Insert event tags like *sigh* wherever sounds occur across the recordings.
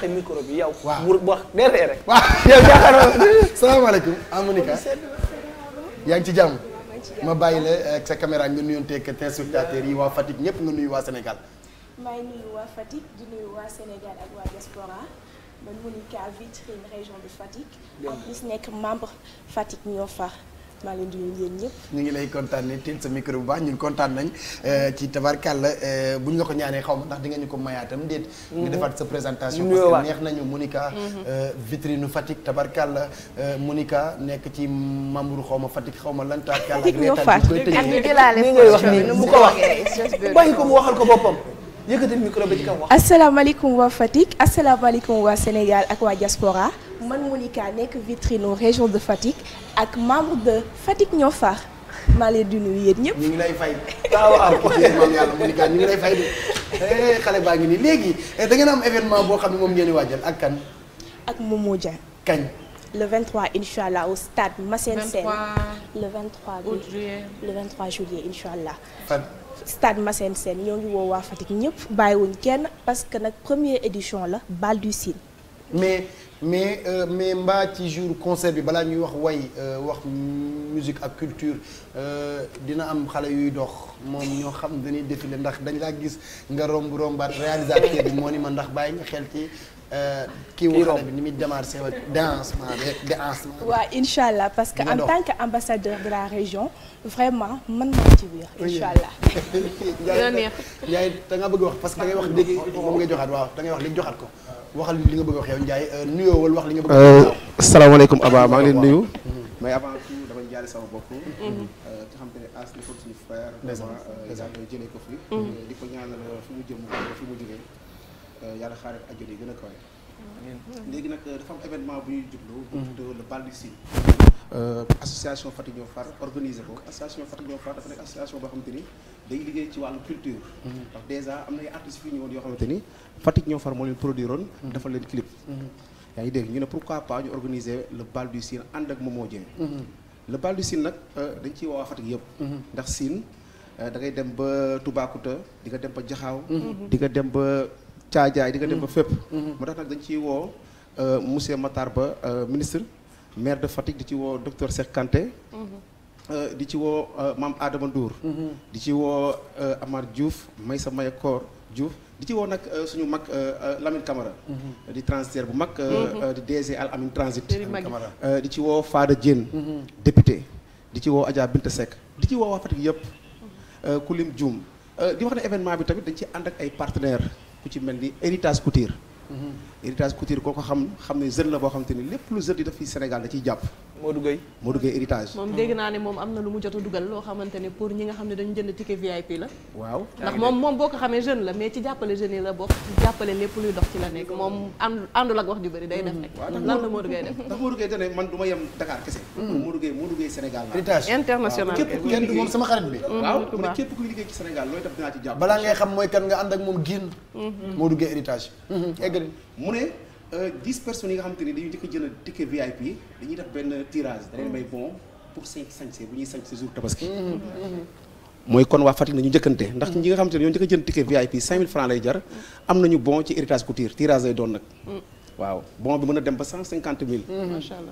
te micro bi yow. waaw bu *laughs* yaa ngi ci jàmm. ma bàyyi la ak sa caméra nga nuyonteeg téléspectateurs yi waa Fatick ñëpp nga nuyu waa Sénégal. maa ngi nuyu di nuyu Sénégal ak waa diaspora man Monica nekk membre Fatick ñoo far. maa leen di nuyu yéen ñëpp. ñu ngi lay kontaanee teel sa micro bu baax ñun kontaan nañ eh, ci tabarkàlla eh, bu ñu la ko ñaanee xaw ndax di nga ñu ko mayaatam déet. nga mhm. defaat sa présentation. parce que neex nañu Monica. Mhm. Eh, vitrine Fatick tabarkàlla Monica nekk ci membre xaw ma Fatick xaw ma lan. tabarkàlla ak reetaan bi koy tëjee ni ko waxee. ko mu waxal ko boppam. yëkkati micro bi ci kaw wax. asalaamaaleykum waa Fatick waa Sénégal ak waa diaspora man Monica nekk vitrine région de Fatick ak membre de Fatick ñoo far maa leen di nuyu yéen ñëpp. ñu ngi lay fay waaw waaw yàlla Monica ñu ngi eh, léegi eh, da ngeen am moom ngeen di ak kan. ak Momo Dia. kañ. le 23 incha allah au stade Massène Sène. le 23 août juillet le 23 juillet incha allah. fan. stade Massène Sène ñoo ngi woo waa Fatick ñëpp bàyyiwuñ kenn parce que nag première édition la Bal du Sine. mais euh, mais mbaa ci jour concert bi balaa ñuy wax way euh, wax musique ak culture euh, dina am xale yuy dox moom ñoo xam dañuy défilé ndax dañ laa gis nga romb rombaat réalisateur bi moo ni ma ndax bàyyi nga xel ci kii wu xale bi ni muy démarré wa dansement dansement waaw incha allah parce que en tant que ambassadeur de la région vraiment mën naa ci biir incha allah *laughs* dina neex Ndiaye da nga bëgg wax parce que da ngay wax léegi moom ngay joxaat waaw da wax léegi joxaat ko waxal li nga bëgg wax yow Ndiaye euh, nuyoo wala wax li nga bëgg. Euh, salaamaaleykum Aba maa ngi leen nuyu. Euh, mais avant tout damay jaale sama bopp. ci mm-hmm. xam te ne as dafa suñu frère. vraiment yàlla jëlee ko fi. Mm-hmm. di ko ñaanal fi mu jëm fi mu jógee yàlla xaare ak àjjana yi gën a kawe. Mm-hmm. léegi nag dafa am événement bu ñuy jublu. bu ñu tuddee le bal du Euh, association Fatou Diop Fall organisé ko association Fatou Diop Fall dafa nekk association boo xamante ni day liggéey ci wàllu culture mhm. ndax dèjà am na ay artistes fii ñëwoon yoo xamante ni Fatou Diop Fall moo leen produire oon mhm. dafa leen clip mhm. yaa ngi dégg ñu ne pourquoi pas ñu organiser le bal du Sine ànd ak Momo Dieng le bal du Sine nag euh, dañ ciy woowaa Fatick yëpp ndax Sine euh, da ngay dem ba Toubacouta di nga dem ba Jaxaaw di dem ba Caajaay di nga dem ba fépp moo dañ ciy woo monsieur Matar Ba ministre maire de Fatick di ci woo docteur Cheikh euh, di ci woo euh, maam Adama Ndour mm-hmm. di ci woo euh, Amar Diouf Maysa Mayakoor Diouf di ci woo nag suñu mag Lamine Camara mm-hmm. di transitaire bu mag mm-hmm. di DG Al Amin Transit di ci woo Fada Diène député di ci woo Adja bint Seck di ci woo waa Fatick yëpp Kulim juum di wax ne événement bi tamit dañ ci ànd ak ay partenaires ku ci mel ni Héritage Couture héritage couture koo ko xam xam ne jeune la boo xam te ni lépp lu jeune di def fii Sénégal da ciy jàpp Modou Gueye Modou Gueye héritage moom dégg naa ne moom am na lu mu jot a dugal loo xamante pour ñi nga xam ne dañu jënd ticket VIP la waaw ndax moom moom boo ko xamee jeune la mais ci jàppale jeunes yi la bokk ci jàppale lépp moom ànd def rek mm-hmm. lan la def ndax Modou Gueye dane man mm-hmm. héritage international képp kenn du moom sama xarit bi mu mm-hmm. ne képp kuy liggéey ci Sénégal looy def dinaa ci jàpp balaa ngay xam mooy kan nga ànd ak moom génn Modou Euh, dix personnes yi nga xamante ni dañu njëkk a jënd ticket VIP dañuy def benn tirage da may bon pour cinq sañse bu ñuy sañse ce jour tabaski mooy kon waa Fatick nañu jëkkante ndax ñi nga xamante ni ñoo njëkk a jënd ticket VIP cinq mille francs lay jar am nañu bon ci héritage couture tirage lay doon nag waaw bon bi mën a dem ba cent cinquante mille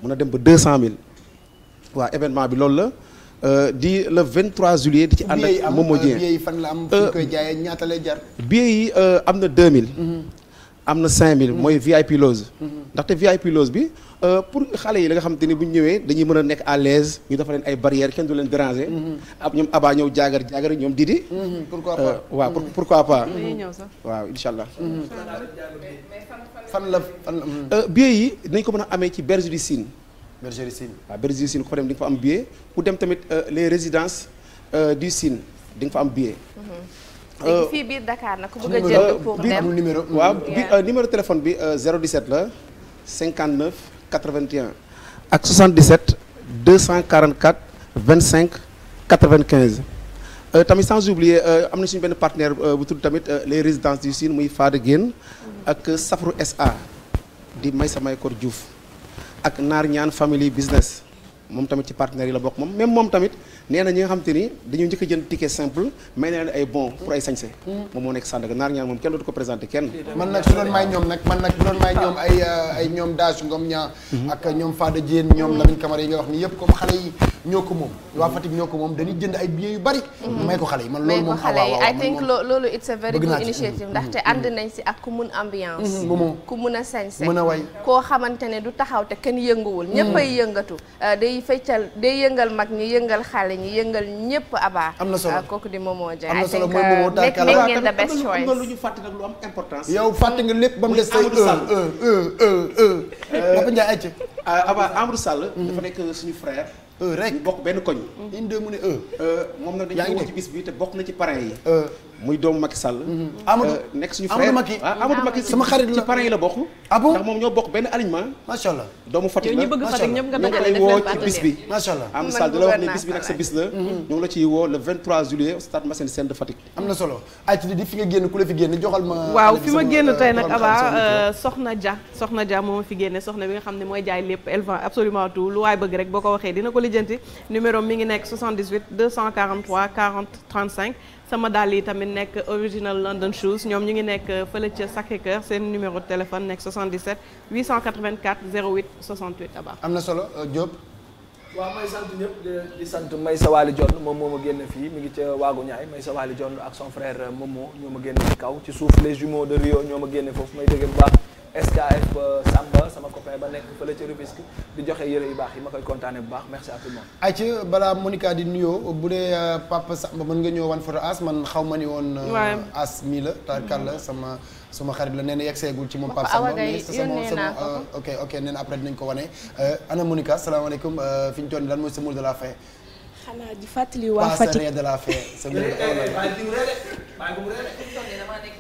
mën a dem ba deux cent mille waaw événement bi loolu la euh, di le 23 juillet di ci ànd ak Momo Dieng euh, billet yi fan la am fu ñu koy jaayee ñaata lay jar billet am na 2000 am na cinq 5000. mooy VIP loge. ndaxte VIP loge bi euh, pour xale yi la nga xamante ni bu ñu ñëwee dañuy mën a nekk à l'aise ñu dafa leen ay barrières kenn du leen déranger. Mm-hmm. ab ñoom abaa ñëw jaagar jaagar ñoom Didi. Mm-hmm. Euh, mm-hmm. pourquoi pas waaw pourquoi pas. ñëw sax waaw incha allah. fan la fan la. Euh, yi dinañ ko mën a amee ci bergerie du Sine. bergerie Sine waaw bergerie du Sine ku fa dem di fa am billet ku dem tamit les résidences du Sine di nga fa am billet. Euh, léegi fii biir Dakar nag ku bëgg a jël pour dem numéro waaw bi euh, numéro téléphone bi 017 euh, la 59 81 ak 77 244 25 95 tamit sans oublier am na suñ benn partenaire bu tudd tamit les résidences du Sine muy Fade Guène ak Safru SA di may samay kor Diouf ak Naar Ñaan family business moom tamit ci partenaires yi la bokk moom même moom tamit nee na ñi nga xam te ni dañu njëkk a jënd ticket simple may na ay bon pour ay sañse moom moom ko présenté kenn man nag su doon may ñoom nag man nag su doon ñoom ay ay ñoom daas ngom ñaa ak yëpp ko moom waa Fatick ñoo ko moom dañuy jënd ay billets yu bari mm-hmm. may ko xale yi man loolu moom xale yi I think loolu it's a very mm-hmm. mm-hmm. koo xamante ne du taxaw te kenn yënguwul ñëppay yëngatu euh, day day feccal day yëngal mag ñi yëngal xale ñi yëngal ñëpp abaa. am na solo ah, kooku di Momo moo am na solo mooy uh, lu ñu fàtte nag lu am importance. yow nga lépp ba mu des say. Amadou Sall dafa nekk suñu frère. Euh, rek ñu bokk benn koñ. Mm-hmm. une deux mu ne euh. Euh, moom nag dañu ko ci bis bi te bokk na ci parrain yi. muy doomu Macky Sall. Mm-hmm. Amadou euh, nekk suñu frère ah, Amadou Macky sama xarit la ci parents yi la bokk. ah bon ndax moom ñoo bokk benn alignement. macha allah doomu Fatick la ñu bëgg Fatick ñëpp nga dajale def leen la wax ne bis bi nag sa la. Mm-hmm. ñu ngi la ciy woo le 23 juillet au stade Massène solo ay di fi nga génn ku la fi génn joxal ma. waaw fi ma génn euh, tey nag Aba euh, Soxna Dia Soxna Dia moo ma fi génne soxna bi nga xam ne mooy jaay lépp elle vend absolument tout lu waay bëgg rek boo ko waxee dina ko lijjanti numéro mi ngi nekk 78 243 40 35 sama dàll yi tamit nekk original London shoes ñoom ñu ngi nekk fële ca Sacré-Cœur seen numéro de téléphone nekk 77 884 08 68 Abba. am na solo euh, Diop. waa may sant ñëpp di sant Maysa Waly Dione moom moom ma génn fii mi ngi ca Waagu Ñaay Maysa Waly Dione ak son frère euh, Momo ñoo a génn ci kaw ci suuf les jumeaux de Rio ñoo a génne foofu may dégg bu SKF euh, Samba sama copain ba nekk fële ca Rufisque di joxe yére yu baax yi ma koy kontaane bu baax merci à tout balaa monika di nuyoo bu dee euh, Papa Samba mën nga ñëw wan photo as man xaw ma ni woon. Euh, as mi la tarkal la sama. suma xarit la nee na yegg seegul ci moom Pape Samba mais sama ok ok nee après dinañ ko wane ana Monica salaamaaleykum fi ñu toll lan mooy sa la fin. xanaa di de la fin. sa eh, eh, eh, de la fin.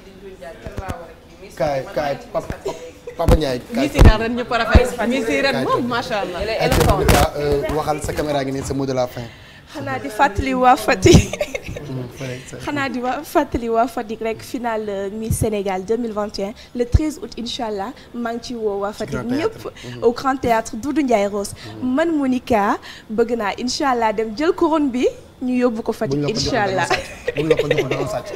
kaay kaay papa papa Ndiaye. kaay moom macha allah. waxal sa caméra ngi nii sa mot la fin. xanaa di fàttali waa Fatick. *laughs* xanaa di waa fàttali waa Fatick rek finale euh, Miss Sénégal 2021 le 13 août incha allah maa ci woo waa Fatick ñëpp mhm. au Grand Théâtre Doudou Ndiaye Rose mhm. man Monica bëgg naa incha allah dem jël couronne bi ñu yóbbu ko Fatick incha allah buñ la ko joxul danoo sàcc.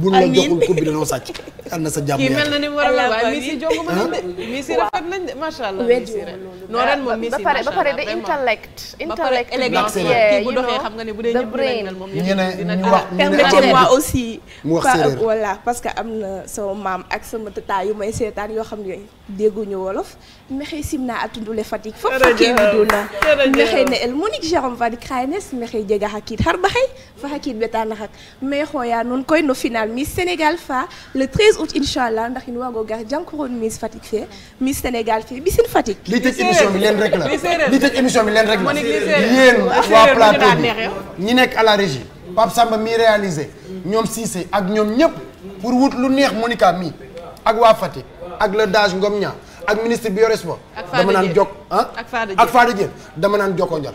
buñ la joxul coupe bi danoo sàcc. am na sa jàmm yàlla kii mel na a ba pare ba intellect. intellect élégance kii bu doxee xam nga ne bu dee ñëpp lañ mel moom ñëpp dina wax permettez-moi aussi. mu wax séeréer voilà parce que am na sama maam ak sama tata yu may seetaan yoo xam ne dégguñu wolof. mexey simna atundule Fatick foofu fakkee widuna mexey ne el monik jarom fadi kraines mexey jega hakit har baxey fa hakit betana hak mais xooya noon koy no final Miss Sénégal fa le 13 août inchallah ndax in waago gar jànkoroon Miss Fatick fe Miss Sénégal fe bisin Fatick li tëj émission bi leen rek la li tëj émission bi leen rek la yéen waa plateau bi ñi nekk à la régie Pape Samba mi réalisé ñoom Cissé ak ñoom ñëpp pour wut lu neex Monica mi ak waa Fatick ak le dage Ngom ña ak ministre bi yore sport dama naan jokk ah ak Fada Dieng dama naan jokkoo njar